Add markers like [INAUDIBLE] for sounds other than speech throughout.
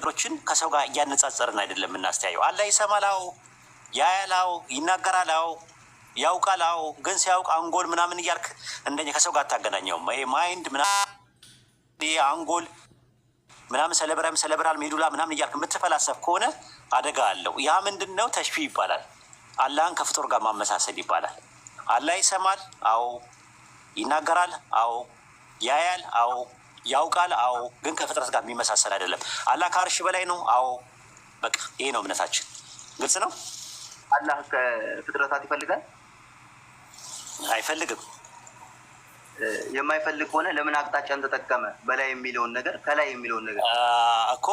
ነገሮችን ከሰው ጋር እያነጻጸርን አይደለም እናስተያየው። አላህ ይሰማላው፣ ያያላው፣ ይናገራላው፣ ያውቃላው። ግን ሲያውቅ አንጎል ምናምን እያልክ እንደኛ ከሰው ጋር አታገናኘውም። ይሄ ማይንድ ምናምን ይሄ አንጎል ምናምን ሰለብራም ሰለብራል ሜዱላ ምናምን እያልክ የምትፈላሰብ ከሆነ አደጋ አለው። ያ ምንድን ነው? ተሽፊ ይባላል። አላህን ከፍጡር ጋር ማመሳሰል ይባላል። አላህ ይሰማል፣ አዎ፣ ይናገራል፣ አዎ፣ ያያል፣ አዎ ያውቃል። አዎ፣ ግን ከፍጥረት ጋር የሚመሳሰል አይደለም። አላህ ከአርሽ በላይ ነው። አዎ፣ በቃ ይሄ ነው እምነታችን። ግልጽ ነው። አላህ ከፍጥረታት ይፈልጋል አይፈልግም? የማይፈልግ ከሆነ ለምን አቅጣጫን ተጠቀመ? በላይ የሚለውን ነገር ከላይ የሚለውን ነገር እኮ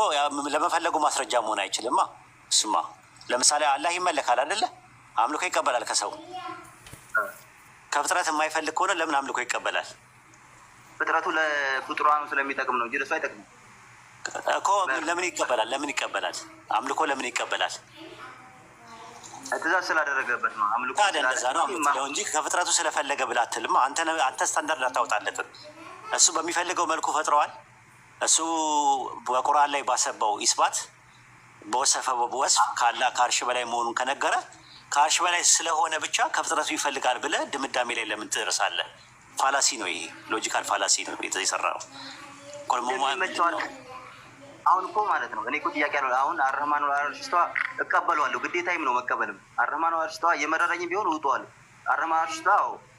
ለመፈለጉ ማስረጃ መሆን አይችልማ። ስማ፣ ለምሳሌ አላህ ይመለካል አይደለ? አምልኮ ይቀበላል ከሰው። ከፍጥረት የማይፈልግ ከሆነ ለምን አምልኮ ይቀበላል? ፍጥረቱ ለፍጡራኑ ስለሚጠቅም ነው እንጂ ለሱ አይጠቅም እኮ። ለምን ይቀበላል? ለምን ይቀበላል? አምልኮ ለምን ይቀበላል? ትእዛዝ ስላደረገበት ነው። አምልኮ እንደዛ ነው እንጂ ከፍጥረቱ ስለፈለገ ብላ አትልም። አንተ ስታንዳርድ አታወጣለትም። እሱ በሚፈልገው መልኩ ፈጥረዋል። እሱ በቁርአን ላይ ባሰባው ኢስባት በወሰፈ በወስፍ ካላ ከአርሽ በላይ መሆኑን ከነገረ ከአርሽ በላይ ስለሆነ ብቻ ከፍጥረቱ ይፈልጋል ብለህ ድምዳሜ ላይ ለምን ትደርሳለህ? ፋላሲ ነው ይሄ፣ ሎጂካል ፋላሲ ነው የሰራው። ነው። አሁን እኮ ማለት ነው እኔ እኮ ጥያቄ ያለ አሁን አረህማን አርሽቷ እቀበለዋለሁ፣ ግዴታይም ነው መቀበልም። አረህማን አርሽቷ የመረረኝም ቢሆን ውጠዋል። አረህማን አርሽቷ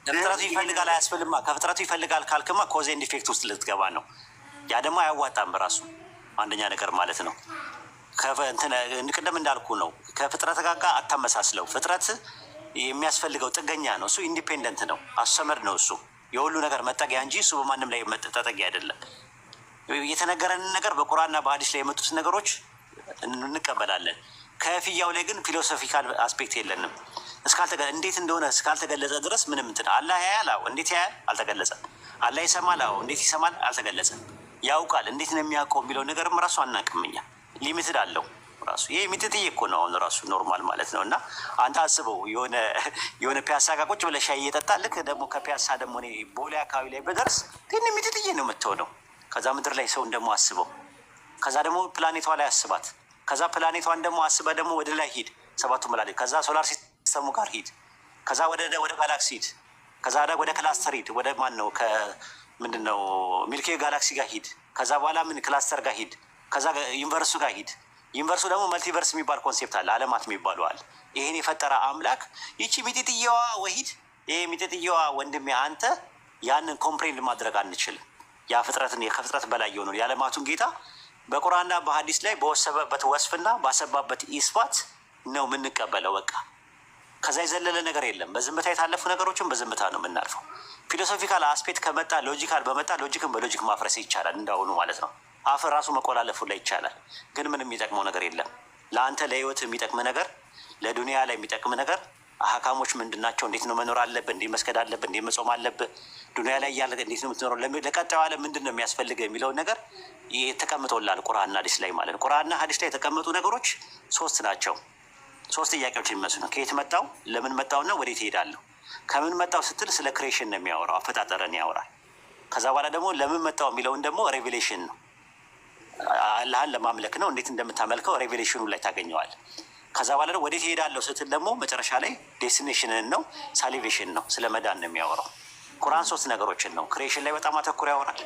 ከፍጥረቱ ይፈልጋል አያስፈልማ። ከፍጥረቱ ይፈልጋል ካልክማ ኮዝ ኤንድ ኢፌክት ውስጥ ልትገባ ነው። ያ ደግሞ አያዋጣም በራሱ አንደኛ ነገር ማለት ነው። ቅድም እንዳልኩ ነው ከፍጥረት ጋር አታመሳስለው። ፍጥረት የሚያስፈልገው ጥገኛ ነው። እሱ ኢንዲፔንደንት ነው፣ አሰመድ ነው እሱ የሁሉ ነገር መጠጊያ እንጂ እሱ በማንም ላይ ተጠጊያ አይደለም። የተነገረንን ነገር በቁርአንና በሀዲስ ላይ የመጡትን ነገሮች እንቀበላለን። ከፍያው ላይ ግን ፊሎሶፊካል አስፔክት የለንም። እንዴት እንደሆነ እስካልተገለጸ ድረስ ምንም እንትን አላህ ያያል። አዎ። እንዴት ያያል? አልተገለጸም። አላህ ይሰማል። አዎ። እንዴት ይሰማል? አልተገለጸም። ያውቃል። እንዴት ነው የሚያውቀው የሚለው ነገርም ራሱ አናቅምኛ ሊሚትድ አለው። ራሱ ይህ ሚጥጥዬ እኮ ነው። አሁን ራሱ ኖርማል ማለት ነው። እና አንተ አስበው የሆነ [LAUGHS] የሆነ ፒያሳ ጋር ቁጭ ብለህ ሻይ እየጠጣህ ልክ ደግሞ ከፒያሳ ደግሞ እኔ ቦሌ አካባቢ ላይ በደርስ ግን ሚጥጥዬ ነው የምትሆነው። ከዛ ምድር ላይ ሰውን ደግሞ አስበው። ከዛ ደግሞ ፕላኔቷ ላይ አስባት። ከዛ ፕላኔቷን ደግሞ አስበህ ደግሞ ወደ ላይ ሂድ፣ ሰባቱ መላለ፣ ከዛ ሶላር ሲስተሙ ጋር ሂድ። ከዛ ወደ ወደ ጋላክሲ ሂድ። ከዛ ደግሞ ወደ ክላስተር ሂድ። ወደ ማን ነው ምንድን ነው ሚልኬ ጋላክሲ ጋር ሂድ። ከዛ በኋላ ምን ክላስተር ጋር ሂድ። ከዛ ዩኒቨርሱ ጋር ሂድ። ዩኒቨርሱ ደግሞ መልቲቨርስ የሚባል ኮንሴፕት አለ፣ አለማት የሚባሉ አለ። ይህን የፈጠረ አምላክ ይቺ ሚጢጥየዋ ወሂድ፣ ይህ ሚጢጥየዋ ወንድሜ አንተ ያንን ኮምፕሬንድ ማድረግ አንችልም። ያ ፍጥረትን ከፍጥረት በላይ የሆነ የዓለማቱን ጌታ በቁርአንና በሀዲስ ላይ በወሰበበት ወስፍና ባሰባበት ኢስፋት ነው የምንቀበለው። በቃ ከዛ የዘለለ ነገር የለም። በዝምታ የታለፉ ነገሮችን በዝምታ ነው የምናልፈው። ፊሎሶፊካል አስፔክት ከመጣ ሎጂካል በመጣ ሎጂክን በሎጂክ ማፍረስ ይቻላል እንዳሁኑ ማለት ነው። አፈር ራሱ መቆላለፉ ላይ ይቻላል፣ ግን ምን የሚጠቅመው ነገር የለም። ለአንተ ለህይወት የሚጠቅም ነገር፣ ለዱኒያ ላይ የሚጠቅም ነገር አህካሞች ምንድን ናቸው? እንዴት ነው መኖር አለብህ? እንዴት መስገድ አለብህ? እንዴት መጾም አለብህ? ዱኒያ ላይ እያለ እንዴት ነው የምትኖረው? ለቀጣዩ ዓለም ምንድን ነው የሚያስፈልገ የሚለውን ነገር ተቀምጦላል፣ ቁርአንና ሀዲስ ላይ ማለት ነው። ቁርአንና ሀዲስ ላይ የተቀመጡ ነገሮች ሶስት ናቸው። ሶስት ጥያቄዎች የሚመስሉ ነው። ከየት መጣው፣ ለምን መጣውና ወዴት ትሄዳለሁ? ከምን መጣው ስትል ስለ ክሬሽን ነው የሚያወራው፣ አፈጣጠረን ያወራል። ከዛ በኋላ ደግሞ ለምን መጣው የሚለውን ደግሞ ሬቪሌሽን ነው አላህን ለማምለክ ነው። እንዴት እንደምታመልከው ሬቬሌሽኑ ላይ ታገኘዋል። ከዛ በኋላ ደግሞ ወዴት ይሄዳለው ስትል ደግሞ መጨረሻ ላይ ዴስቲኔሽንን ነው፣ ሳሊቬሽን ነው፣ ስለ መዳን ነው የሚያወራው። ቁርአን ሶስት ነገሮችን ነው። ክሬሽን ላይ በጣም አተኩር ያወራል፣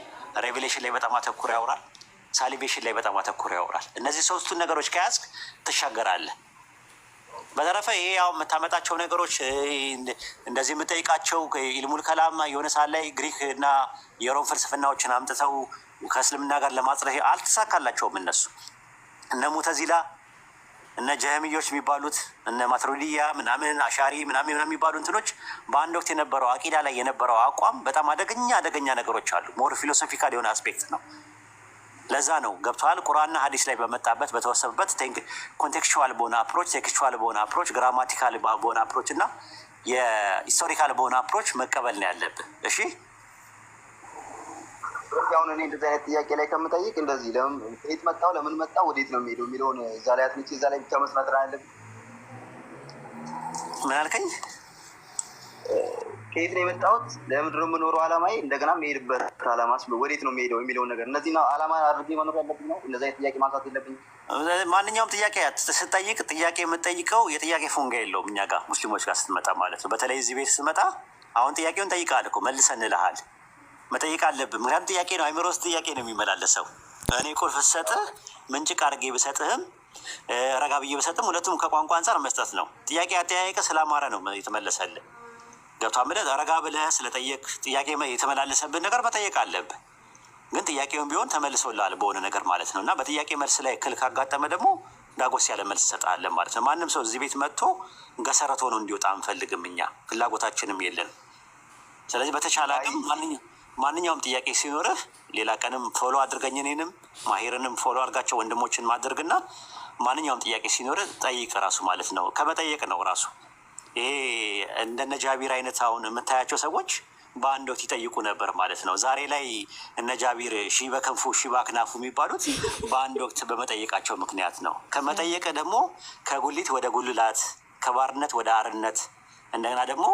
ሬቬሌሽን ላይ በጣም አተኩር ያወራል፣ ሳሊቬሽን ላይ በጣም አተኩር ያወራል። እነዚህ ሶስቱን ነገሮች ከያዝክ ትሻገራለህ። በተረፈ ይሄ ያው የምታመጣቸው ነገሮች እንደዚህ የምጠይቃቸው ኢልሙል ከላም የሆነ ሰዓት ላይ ግሪክ እና የሮም ፍልስፍናዎችን አምጥተው ከእስልምና ጋር ለማጽረህ አልተሳካላቸውም። እነሱ እነ ሙተዚላ እነ ጀህሚዮች የሚባሉት እነ ማትሪዲያ ምናምን አሻሪ ምናምን የሚባሉ እንትኖች በአንድ ወቅት የነበረው አቂዳ ላይ የነበረው አቋም በጣም አደገኛ አደገኛ ነገሮች አሉ። ሞር ፊሎሶፊካል የሆነ አስፔክት ነው። ለዛ ነው ገብተዋል። ቁርአንና ሀዲስ ላይ በመጣበት በተወሰበበት ኮንቴክስቹዋል በሆነ አፕሮች፣ ቴክስቹዋል በሆነ አፕሮች፣ ግራማቲካል በሆነ አፕሮች እና የሂስቶሪካል በሆነ አፕሮች መቀበል ነው ያለብን። እሺ ስለዚህ አሁን እኔ እንደዚህ አይነት ጥያቄ ላይ ከምጠይቅ እንደዚህ ከየት መጣው ለምን መጣው ወዴት ነው የሚሄደው የሚለውን እዛ ላይ አጥንቼ እዛ ላይ ብቻ መስራት አለብኝ። ምን አልከኝ? ከየት ነው የመጣሁት፣ ለምንድን ነው የምኖረው አላማዬ፣ እንደገና የሄድበት አላማስ ወዴት ነው የሚሄደው የሚለውን ነገር እነዚህ አላማ አድርጌ መኖር ያለብኝ ነው። እነዚ አይነት ጥያቄ ማንሳት የለብኝ። ማንኛውም ጥያቄ ስጠይቅ ጥያቄ የምጠይቀው የጥያቄ ፉንጋ የለውም። እኛ ጋር ሙስሊሞች ጋር ስትመጣ ማለት ነው። በተለይ እዚህ ቤት ስትመጣ አሁን ጥያቄውን ጠይቃል እኮ መልሰን እንልሃል መጠየቅ አለብን። ምክንያቱም ጥያቄ ነው፣ አይምሮ ውስጥ ጥያቄ ነው የሚመላለሰው። እኔ ቁልፍ ስሰጥህ ምንጭቅ አድርጌ ብሰጥህም ረጋ ብዬ ብሰጥም ሁለቱም ከቋንቋ አንጻር መስጠት ነው። ጥያቄ አጠያየቀ ስላማረ ነው የተመለሰልህ። ገብቷ ምለት ረጋ ብለህ ስለጠየቅ ጥያቄ የተመላለሰብን ነገር መጠየቅ አለብህ። ግን ጥያቄውን ቢሆን ተመልሶልሃል በሆነ ነገር ማለት ነው። እና በጥያቄ መልስ ላይ እክል ካጋጠመ ደግሞ ዳጎስ ያለ መልስ ሰጣለን ማለት ነው። ማንም ሰው እዚህ ቤት መጥቶ ገሰረት ሆኖ እንዲወጣ አንፈልግም። እኛ ፍላጎታችንም የለን። ስለዚህ በተቻለ አቅም ማንኛውም ማንኛውም ጥያቄ ሲኖርህ ሌላ ቀንም ፎሎ አድርገኝ፣ እኔንም ማሄርንም ፎሎ አድርጋቸው ወንድሞችን ማድረግና ማንኛውም ጥያቄ ሲኖርህ ጠይቅ ራሱ ማለት ነው። ከመጠየቅ ነው ራሱ ይሄ እንደነ ጃቢር አይነት አሁን የምታያቸው ሰዎች በአንድ ወቅት ይጠይቁ ነበር ማለት ነው። ዛሬ ላይ እነ ጃቢር ሺ በክንፉ ሺ በአክናፉ የሚባሉት በአንድ ወቅት በመጠየቃቸው ምክንያት ነው። ከመጠየቅ ደግሞ ከጉሊት ወደ ጉልላት፣ ከባርነት ወደ አርነት እንደገና ደግሞ